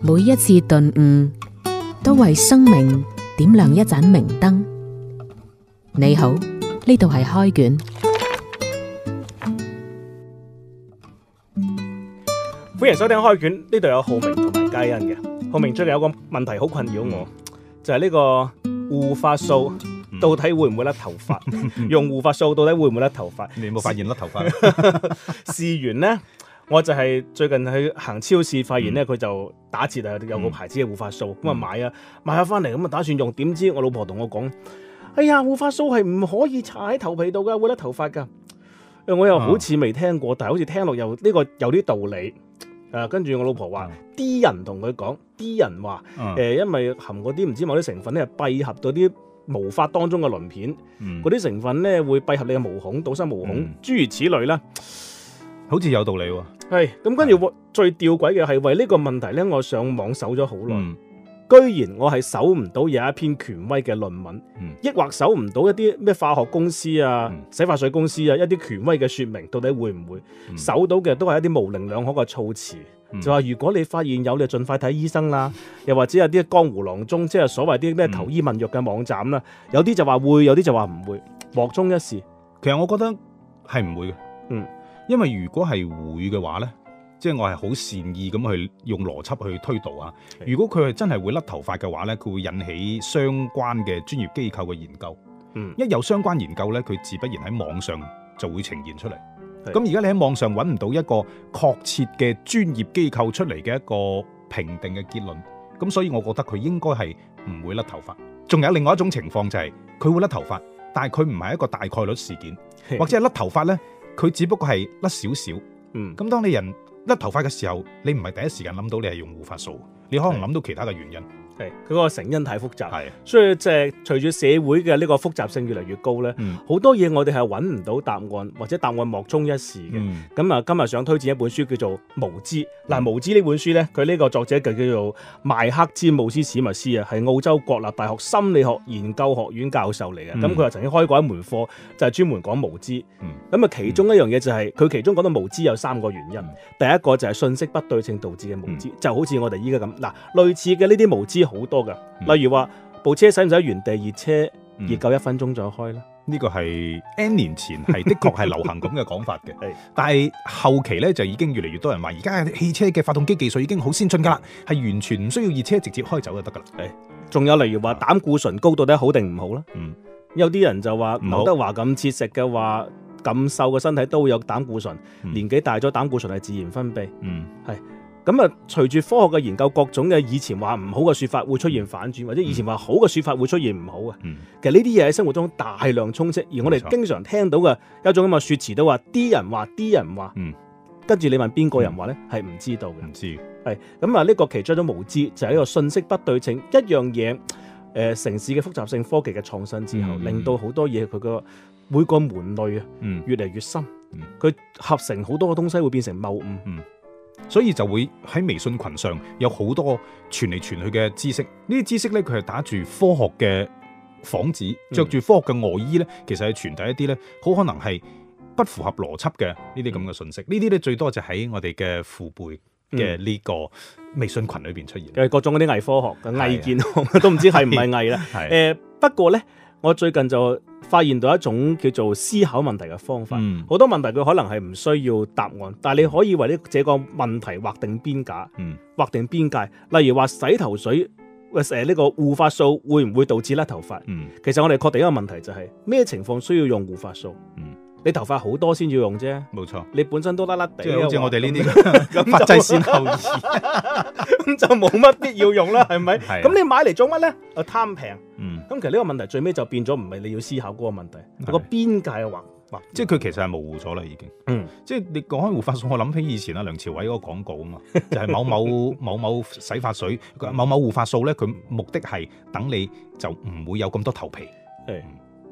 每一次頓悟，都為生命點亮一盞明燈。你好，呢度係開卷，歡迎收聽開卷。呢度有浩明同埋佳欣嘅。浩明，最近有個問題好困擾我，嗯、就係呢個護髮素到底會唔會甩頭髮？嗯、 用護髮素到底會唔會甩頭髮？你冇發現甩頭髮？ 試完呢。 我就係最近去行超市，發現咧佢、嗯、就打折啊，有個牌子嘅護髮素咁啊、嗯、買啊買下翻嚟咁啊打算用，點知我老婆同我講：哎呀，護髮素係唔可以搽喺頭皮度噶，會甩頭髮噶、呃。我又好似未聽過，嗯、但係好似聽落又呢個有啲道理。誒、呃，跟住我老婆話啲、嗯、人同佢講，啲人話誒、嗯呃，因為含嗰啲唔知某啲成分咧，係閉合到啲毛髮當中嘅鱗片，嗰啲、嗯、成分咧會閉合你嘅毛孔，堵塞毛孔，嗯、諸如此類啦。好似有道理喎、啊，係咁，跟住最吊詭嘅係，為呢個問題呢，我上網搜咗好耐，嗯、居然我係搜唔到有一篇權威嘅論文，抑、嗯、或搜唔到一啲咩化學公司啊、嗯、洗髮水公司啊一啲權威嘅說明，到底會唔會搜到嘅都係一啲模棱兩可嘅措辭，嗯、就話如果你發現有，你盡快睇醫生啦，嗯、又或者有啲江湖郎中，即係所謂啲咩求醫問藥嘅網站啦、嗯，有啲就話會，有啲就話唔會，莫衷一是。其實我覺得係唔會嘅，嗯。因為如果係會嘅話呢，即係我係好善意咁去用邏輯去推導啊。的如果佢係真係會甩頭髮嘅話呢，佢會引起相關嘅專業機構嘅研究。嗯，一有相關研究呢，佢自不然喺網上就會呈現出嚟。咁而家你喺網上揾唔到一個確切嘅專業機構出嚟嘅一個評定嘅結論，咁所以我覺得佢應該係唔會甩頭髮。仲有另外一種情況就係、是、佢會甩頭髮，但係佢唔係一個大概率事件，的或者係甩頭髮呢。佢只不過係甩少少，咁、嗯、當你人甩頭髮嘅時候，你唔係第一時間諗到你係用護髮素，你可能諗到其他嘅原因。嗯係佢嗰個成因太複雜，係的，所以即係隨住社會嘅呢個複雜性越嚟越高咧，好、嗯、多嘢我哋係揾唔到答案，或者答案莫衷一是嘅。咁啊、嗯，今日想推薦一本書叫做《無知》。嗱、嗯，《無知》呢本書咧，佢呢個作者就叫做麥克‧詹姆斯‧史密斯啊，係澳洲國立大學心理學研究學院教授嚟嘅。咁佢又曾經開過一門課，就係、是、專門講無知。咁啊、嗯，其中一樣嘢就係、是、佢其中講到無知有三個原因，嗯、第一個就係信息不對稱導致嘅無知，嗯、就好似我哋依家咁。嗱，類似嘅呢啲無知。好多噶，例如話部車使唔使原地熱車，熱夠一分鐘再開呢？呢個係 N 年前，係的確係流行咁嘅講法嘅，係。 但係後期呢，就已經越嚟越多人話，而家汽車嘅發動機技術已經好先進噶啦，係完全唔需要熱車，直接開走就得噶啦。仲有，例如話膽、啊、固醇高到底好定唔好啦？嗯，有啲人就話劉德華咁切食嘅話，咁瘦嘅身體都有膽固醇，嗯、年紀大咗膽固醇係自然分泌。嗯，係。咁啊，隨住科學嘅研究，各種嘅以前話唔好嘅說法會出現反轉，嗯、或者以前話好嘅說法會出現唔好嘅。嗯、其實呢啲嘢喺生活中大量充斥，錯而我哋經常聽到嘅一種咁嘅說辭都話啲人話啲人話，跟住、嗯、你問邊個人話呢？係唔、嗯、知道嘅。唔知係咁啊，呢個其中一種無知，就係、是、一個信息不對稱。一樣嘢，誒、呃，城市嘅複雜性、科技嘅創新之後，嗯、令到好多嘢，佢個每個門類啊，越嚟越深，佢、嗯嗯、合成好多嘅東西會變成謬誤。嗯嗯所以就會喺微信群上有好多傳嚟傳去嘅知識，呢啲知識咧佢係打住科學嘅幌子，着住科學嘅外衣咧，其實係傳遞一啲咧好可能係不符合邏輯嘅呢啲咁嘅信息。這些呢啲咧最多就喺我哋嘅父輩嘅呢個微信群裏邊出現嘅、嗯就是、各種嗰啲偽科學嘅、偽、啊、健康，都唔知係唔係偽啦。誒、呃，不過咧，我最近就，發現到一種叫做思考問題嘅方法，好多問題佢可能係唔需要答案，但係你可以為呢這個問題劃定邊界，劃定邊界。例如話洗頭水或者呢個護髮素會唔會導致甩頭髮？其實我哋確定一個問題就係咩情況需要用護髮素？你頭髮好多先要用啫，冇錯。你本身都甩甩哋，好似我哋呢啲髮際線後移，咁就冇乜必要用啦，係咪？咁你買嚟做乜咧？啊，貪平。咁其實呢個問題最尾就變咗，唔係你要思考嗰個問題，是個邊界嘅話、嗯、即係佢其實係模糊咗啦，已經。嗯。即係你講開護髮素，我諗起以前啊，梁朝偉嗰個廣告啊嘛，就係、是、某某 某某洗髮水，某某護髮素咧，佢目的係等你就唔會有咁多頭皮。誒、嗯。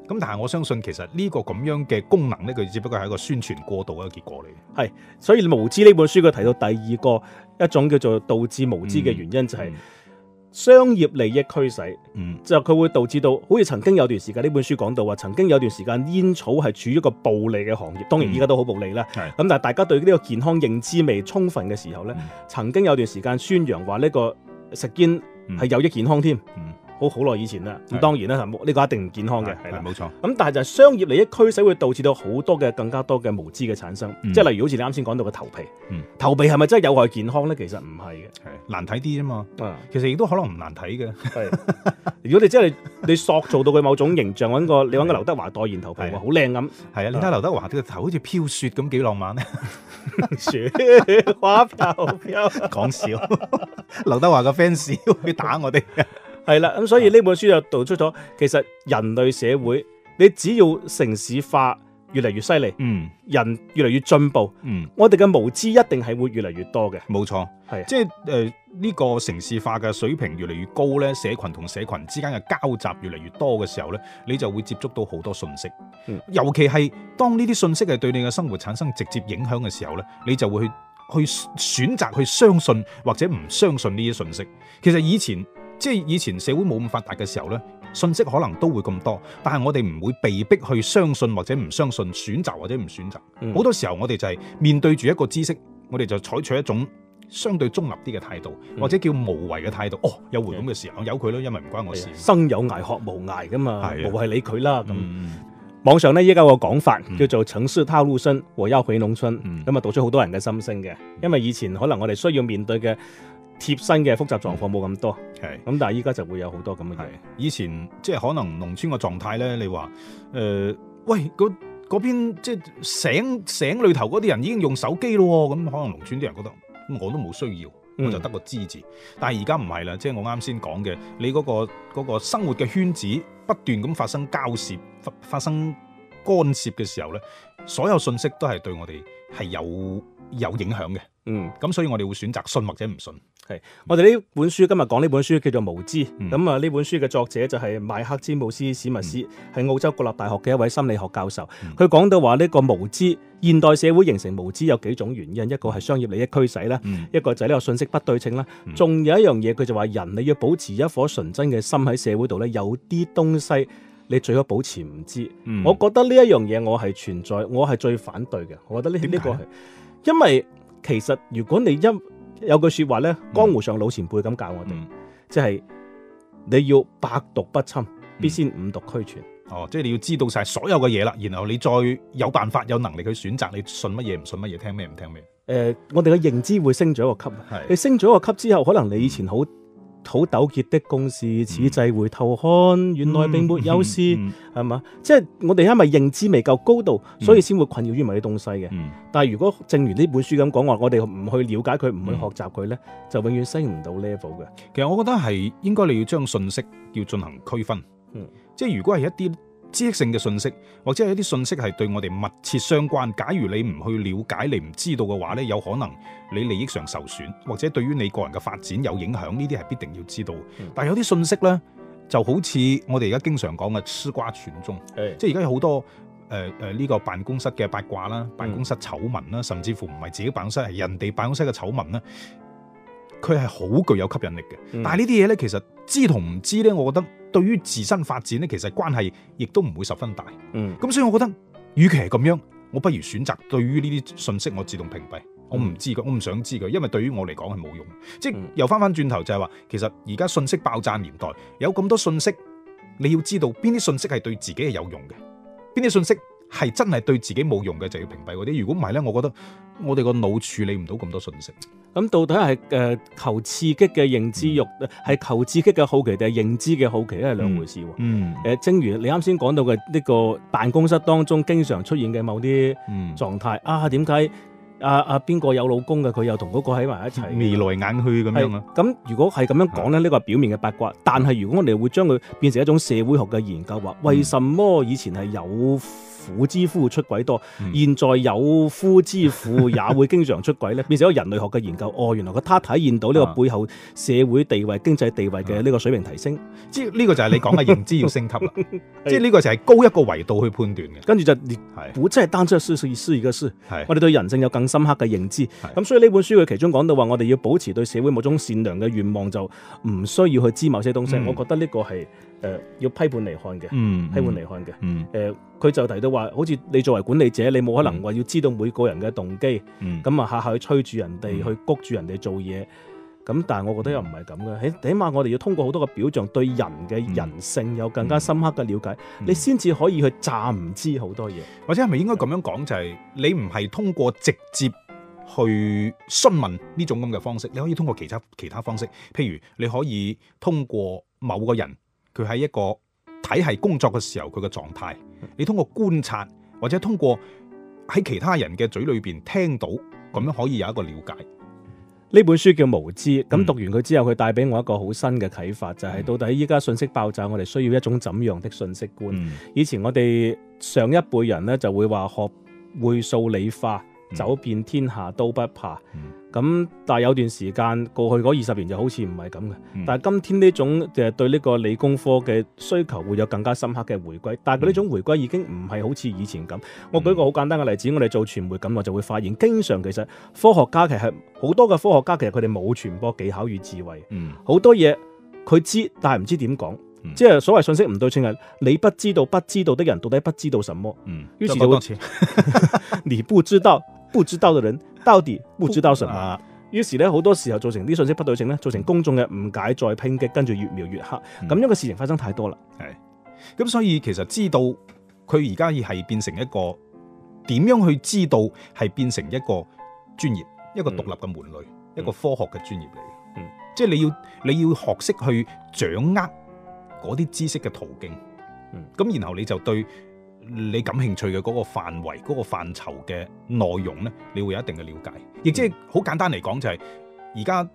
咁是但係我相信其實呢個咁樣嘅功能咧，佢只不過係一個宣傳過度嘅結果嚟。係。所以無知呢本書佢提到第二個一種叫做導致無知嘅原因就係、是。嗯商業利益驅使，就佢會導致到，好似曾經有段時間呢本書講到話，曾經有段時間煙草係處於一個暴利嘅行業，當然依家都好暴利啦。咁的但係大家對呢個健康認知未充分嘅時候呢，嗯、曾經有段時間宣揚話呢個食煙係有益健康添。嗯嗯。好好耐以前啦，咁當然啦，呢個一定唔健康嘅，係啦，冇錯。咁但係就係商業利益驅使，會導致到好多嘅更加多嘅無知嘅產生，即係例如好似你啱先講到嘅頭皮，頭皮係咪真係有害健康咧？其實唔係嘅，難睇啲吖嘛。其實亦都可能唔難睇嘅。如果你真係你塑造到佢某種形象，揾個你揾個劉德華代言頭皮，好靚咁，係啊！你睇劉德華呢個頭好似飄雪咁，幾浪漫咧？雪花頭，講笑，劉德華嘅 fans 會打我哋。係啦，咁所以呢本書就道出咗，啊、其實人類社會你只要城市化越嚟越犀利，嗯，人越嚟越進步，嗯，我哋嘅無知一定係會越嚟越多嘅錯，冇錯是的，係即係誒呢個城市化嘅水平越嚟越高咧，社群同社群之間嘅交集越嚟越多嘅時候咧，你就會接觸到好多信息，嗯、尤其係當呢啲信息係對你嘅生活產生直接影響嘅時候咧，你就會去去選擇去相信或者唔相信呢啲信息。其實以前。即係以前社會冇咁發達嘅時候呢，信息可能都會咁多，但係我哋唔會被逼去相信或者唔相信，選擇或者唔選擇。好、嗯、多時候我哋就係面對住一個知識，我哋就採取一種相對中立啲嘅態度，嗯、或者叫無為嘅態度。哦，有回咁嘅時候，由佢咯，因為唔關我事。是生有涯，學無涯噶嘛，無謂的理佢啦。咁、嗯、網上呢，依家有個講法叫做城市套路深，我、要、回農村，咁啊、嗯、讀出好多人嘅心聲嘅。嗯、因為以前可能我哋需要面對嘅。貼身嘅複雜狀況冇咁多，係咁、嗯，但係依家就會有好多咁嘅嘢。以前即係可能農村嘅狀態咧，你話誒、呃，喂嗰邊即係醒醒裏頭嗰啲人已經用手機咯，咁可能農村啲人覺得我都冇需要，我就得個知字，嗯。但係而家唔係啦，即係我啱先講嘅，你嗰、嗰個嗰個生活嘅圈子不斷咁發生交涉、發生干涉嘅時候咧，所有信息都係對我哋係有。有影響嘅，嗯，咁所以我哋會選擇信或者唔信。係我哋呢本書，今日講呢本書叫做無知，咁啊呢本書嘅作者就係邁克詹姆斯史密斯，係、嗯、澳洲國立大學嘅一位心理學教授。佢講、嗯、到話呢個無知，現代社會形成無知有幾種原因，一個係商業利益驅使啦，嗯、一個就係呢個信息不對稱啦，仲、嗯、有一樣嘢佢就話人你要保持一顆純真嘅心喺社會度咧，有啲東西你最好保持唔知、嗯我我我。我覺得呢一樣嘢我係存在，我係最反對嘅。我覺得呢呢個。因為其實如果你一有句說話咧，江湖上老前輩咁教我哋，嗯、即係你要百毒不侵，必先五毒俱全、嗯。哦，即係你要知道晒所有嘅嘢啦，然後你再有辦法、有能力去選擇，你信乜嘢唔信乜嘢，聽咩唔聽咩？誒、呃，我哋嘅認知會升咗一個級。係是，你升咗一個級之後，可能你以前好。嗯好糾結的公事，此際回頭看，嗯、原來並沒有事，係嘛、嗯？嗯、吧即係我哋因為認知未夠高度，嗯、所以先會困擾於某啲東西嘅。嗯、但係如果正如呢本書咁講話，我哋唔去了解佢，唔去學習佢咧，嗯、就永遠升唔到 level 嘅。其實我覺得係應該你要將信息要進行區分，嗯、即係如果係一啲，知識性嘅信息，或者係一啲信息係對我哋密切相關。假如你唔去了解，你唔知道嘅話咧，有可能你利益上受損，或者對於你個人嘅發展有影響。呢啲係必定要知道的。嗯、但係有啲信息咧，就好似我哋而家經常講嘅吃瓜群眾，嗯即、即係而家有好多誒誒，呢個辦公室嘅八卦啦，辦公室醜聞啦，嗯、甚至乎唔係自己辦公室，係人哋辦公室嘅醜聞啦，佢係好具有吸引力嘅。嗯、但係呢啲嘢咧，其實知同唔知咧，我覺得。對於自身發展咧，其實關係亦都唔會十分大。嗯，咁所以我覺得，與其係咁樣，我不如選擇對於呢啲信息我自動屏蔽。嗯、我唔知佢，我唔想知佢，因為對於我嚟講係冇用。即係又翻翻轉頭就係話，其實而家信息爆炸年代有咁多信息，你要知道邊啲信息係對自己係有用嘅，邊啲信息係真係對自己冇用嘅就要屏蔽嗰啲。如果唔係咧，我覺得我哋個腦處理唔到咁多信息。咁到底係誒求刺激嘅認知欲，係、嗯、求刺激嘅好奇定係認知嘅好奇咧，係兩回事喎。誒、嗯，嗯、正如你啱先講到嘅呢個辦公室當中經常出現嘅某啲狀態啊，點解阿阿邊個有老公嘅，佢又同嗰個喺埋一齊，眉來眼去咁樣啊？咁如果係咁樣講咧，呢個係表面嘅八卦，但係如果我哋會將佢變成一種社會學嘅研究，話為什麼以前係有婦之夫出軌多，現在有夫之婦也會經常出軌咧，變成人類學嘅研究。哦，原來個他體現到呢個背後社會地位、啊、經濟地位嘅呢個水平提升，即係呢個就係你講嘅認知要升級啦。即係呢個就係高一個維度去判斷嘅。跟住就，係古真係單出嘅書，是我哋對人性有更深刻嘅認知。咁是、嗯、所以呢本書佢其中講到話，我哋要保持對社會某種善良嘅願望，就唔需要去知某些東西。嗯、我覺得呢個係。誒、呃、要批判嚟看嘅，嗯、批判嚟看嘅。誒佢、嗯呃、就提到話，好似你作為管理者，你冇可能話要知道每個人嘅動機。咁啊、嗯，下下去催住人哋、嗯、去谷住人哋做嘢。咁但係我覺得又唔係咁嘅。起起碼我哋要通過好多個表象，對人嘅人性有更加深刻嘅了解，嗯、你先至可以去詐唔知好多嘢。或者係咪應該咁樣講？就係、是、你唔係通過直接去詢問呢種咁嘅方式，你可以通過其他其他方式，譬如你可以通過某個人。佢喺一個體系工作嘅時候，佢嘅狀態，你通過觀察或者通過喺其他人嘅嘴裏邊聽到，咁樣可以有一個了解。呢本書叫無知，咁、嗯、讀完佢之後，佢帶俾我一個好新嘅啟發，就係、是、到底依家信息爆炸，我哋需要一種怎樣的信息觀？嗯、以前我哋上一輩人咧就會話，學會數理化，走遍天下都不怕。嗯咁但係有一段時間過去嗰二十年就好似唔係咁嘅。嗯、但係今天呢種就係對呢個理工科嘅需求會有更加深刻嘅回歸。嗯、但係佢呢種回歸已經唔係好似以前咁。嗯、我舉個好簡單嘅例子，我哋做傳媒咁，我就會發現經常其實科學家其實好多嘅科學家其實佢哋冇傳播技巧與智慧，好、嗯、多嘢佢知，但係唔知點講，嗯、即係所謂信息唔對稱係你不知道不知道的人到底不知道什麼，於是就，不 你不知道。 不知道嘅人到底不知道什麼。人啊、於是咧，好多時候造成啲信息不對稱咧，造成公眾嘅誤解，再抨擊，跟住越描越黑。咁、嗯、樣嘅事情發生太多啦。係，咁所以其實知道佢而家已係變成一個點樣去知道係變成一個專業，一個獨立嘅門類，嗯、一個科學嘅專業嚟。嗯，即係你要你要學識去掌握嗰啲知識嘅途徑。嗯，咁然後你就對。你感興趣嘅嗰個範圍、嗰個範疇嘅內容呢，你會有一定嘅了解，亦即係好簡單嚟講就係而家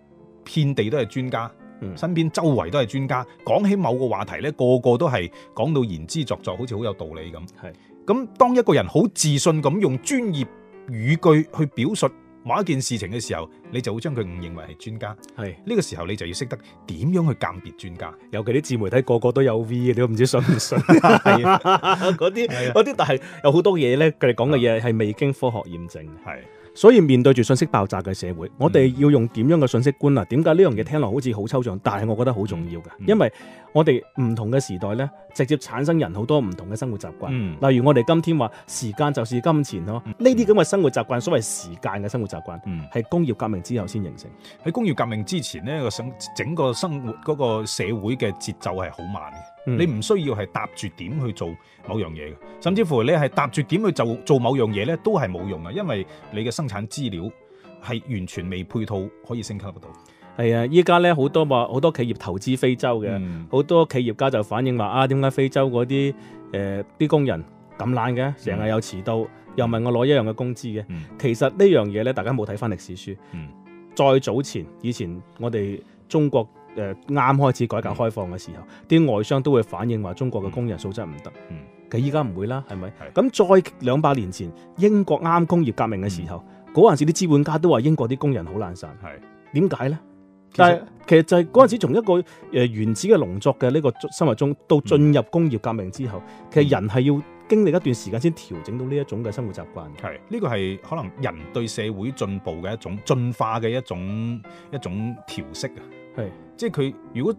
遍地都係專家，身邊周圍都係專家，講起某個話題呢，個個都係講到言之鑿鑿，好似好有道理咁。係，咁當一個人好自信咁用專業語句去表述某一件事情嘅時候，你就會將佢誤認為係專家。係呢是個時候，你就要識得點樣去鑑別專家。尤其啲自媒體個個都有 V，你都唔知信唔信。係嗰啲啲，的但係有好多嘢咧，佢哋講嘅嘢係未經科學驗證。係。所以面對住信息爆炸嘅社會，我哋要用點樣嘅信息觀啊？點解呢樣嘢聽落好似好抽象，嗯、但係我覺得好重要嘅，嗯、因為我哋唔同嘅時代呢，直接產生人好多唔同嘅生活習慣。嗯、例如我哋今天話時間就是金錢咯，呢啲咁嘅生活習慣，嗯、所謂時間嘅生活習慣，係、嗯、工業革命之後先形成。喺工業革命之前呢，個整個生活嗰、嗰個社會嘅節奏係好慢嘅。你唔需要係搭住點去做某樣嘢嘅，甚至乎你係搭住點去就做某樣嘢咧，都係冇用啊！因為你嘅生產資料係完全未配套，可以升級得到。係啊，依家咧好多話，好多企業投資非洲嘅，好、嗯、多企業家就反映話啊，點解非洲嗰啲誒啲工人咁懶嘅，成日有遲到，嗯、又問我攞一樣嘅工資嘅？嗯、其實這呢樣嘢咧，大家冇睇翻歷史書。嗯、再早前以前，我哋中國。誒，啱、呃、開始改革開放嘅時候，啲、嗯、外商都會反映話中國嘅工人素質唔得。嗯，其實依家唔會啦，係咪？咁是再兩百年前，英國啱工業革命嘅時候，嗰陣、嗯、時啲資本家都話英國啲工人好懶散。係點解呢？實但係其實就係嗰陣時從一個誒原始嘅農作嘅呢個生活中，到進入工業革命之後，嗯、其實人係要經歷一段時間先調整到呢一種嘅生活習慣。係呢、這個係可能人對社會進步嘅一種進化嘅一種一種調適啊。係，即係佢如果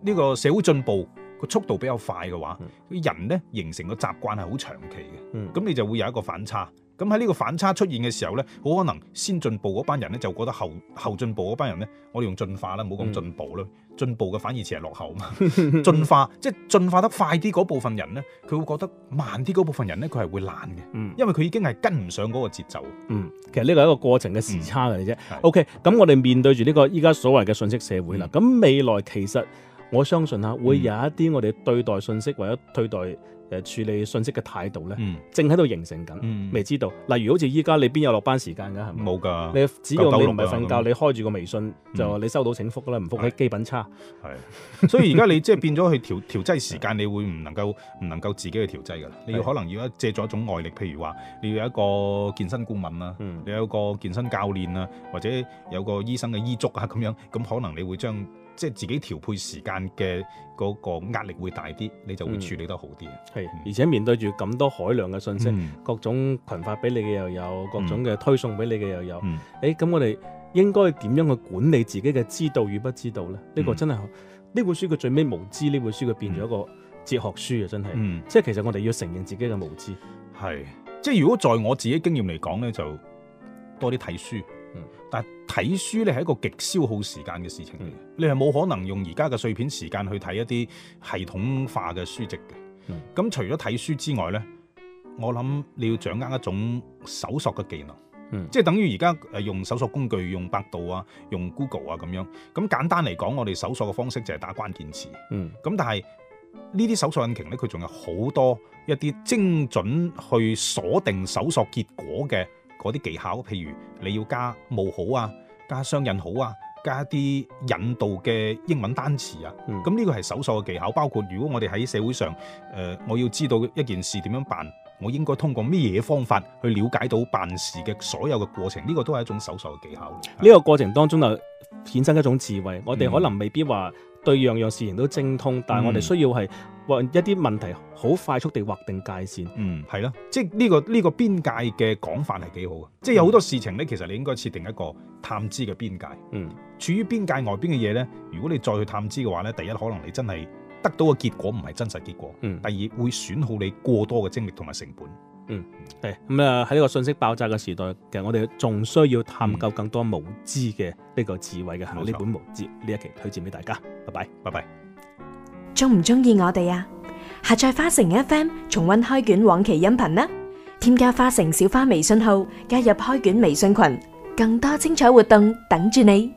呢個社會進步個速度比較快嘅話，嗯、人咧形成個習慣係好長期嘅，咁、嗯、你就會有一個反差。咁喺呢個反差出現嘅時候咧，好可能先進步嗰班人咧就覺得後後進步嗰班人咧，我哋用進化啦，唔好講進步啦，嗯、進步嘅反義詞係落後啊嘛。 進化即係、就是、進化得快啲嗰部分人咧，佢會覺得慢啲嗰部分人咧，佢係會懶嘅，嗯、因為佢已經係跟唔上嗰個節奏。嗯，其實呢個係一個過程嘅時差嚟啫。O K，咁我哋面對住呢個依家所謂嘅信息社會啦，咁、嗯、未來其實我相信啊，會有一啲我哋對待信息或者、嗯、對待。誒處理信息嘅態度咧，嗯、正喺度形成緊，未、嗯、知道。例如好似依家你邊有落班時間㗎，係咪？冇㗎。你只要你唔係瞓覺，的你開住個微信、嗯、就你收到請復啦，唔復係基本差。係， 所以而家你即係變咗去調調劑時間，你會唔能夠唔能夠自己去調劑㗎？你要可能要一借助一種外力，譬如話你要有一個健身顧問啊，嗯、你有個健身教練啊，或者有個醫生嘅醫囑啊咁樣，咁可能你會將即係自己調配時間嘅嗰個壓力會大啲，你就會處理得好啲係，而且面對住咁多海量嘅信息，嗯、各種群發俾你嘅又有，各種嘅推送俾你嘅又有。誒、嗯，咁我哋應該點樣去管理自己嘅知道與不知道呢？呢、嗯、個真係呢、嗯、本書佢最尾無知，呢本書佢變咗一個哲學書啊！真係，嗯、即係其實我哋要承認自己嘅無知。係，即係如果在我自己經驗嚟講呢，就多啲睇書。嗯、但係睇書呢係一個極消耗時間嘅事情嚟、嗯、你係冇可能用而家嘅碎片時間去睇一啲系統化嘅書籍嘅。咁、嗯、除咗睇書之外咧，我諗你要掌握一種搜索嘅技能，嗯，即係等於而家誒用搜索工具，用百度啊，用 Google 啊咁樣。咁簡單嚟講，我哋搜索嘅方式就係打關鍵詞，嗯。咁但係呢啲搜索引擎咧，佢仲有好多一啲精準去鎖定搜索結果嘅嗰啲技巧，譬如你要加冒號啊，加雙引號啊。加一啲引導嘅英文單詞啊，咁呢個係搜索嘅技巧。包括如果我哋喺社會上，誒、呃，我要知道一件事點樣辦，我應該通過咩嘢方法去了解到辦事嘅所有嘅過程？呢、這個都係一種搜索嘅技巧。呢個過程當中就衍生一種智慧。我哋可能未必話對樣樣事情都精通，嗯、但係我哋需要係，或一啲問題好快速地劃定界線，嗯，係咯，即係、呢個、呢個呢、呢個邊界嘅講法係幾好嘅，即係有好多事情呢，嗯、其實你應該設定一個探知嘅邊界，嗯，處於邊界外邊嘅嘢呢，如果你再去探知嘅話呢，第一可能你真係得到嘅結果唔係真實結果，嗯，第二會損耗你過多嘅精力同埋成本，嗯，係、嗯，咁啊喺呢個信息爆炸嘅時代，其實我哋仲需要探究更多無知嘅呢個智慧嘅，冇錯，呢本無知呢一期推薦俾大家，拜拜，拜拜。鍾唔鍾意我哋呀？下載花城 FM，重溫開卷往期音頻啦！添加花城小花微信號，加入開卷微信群，更多精彩活動等住你。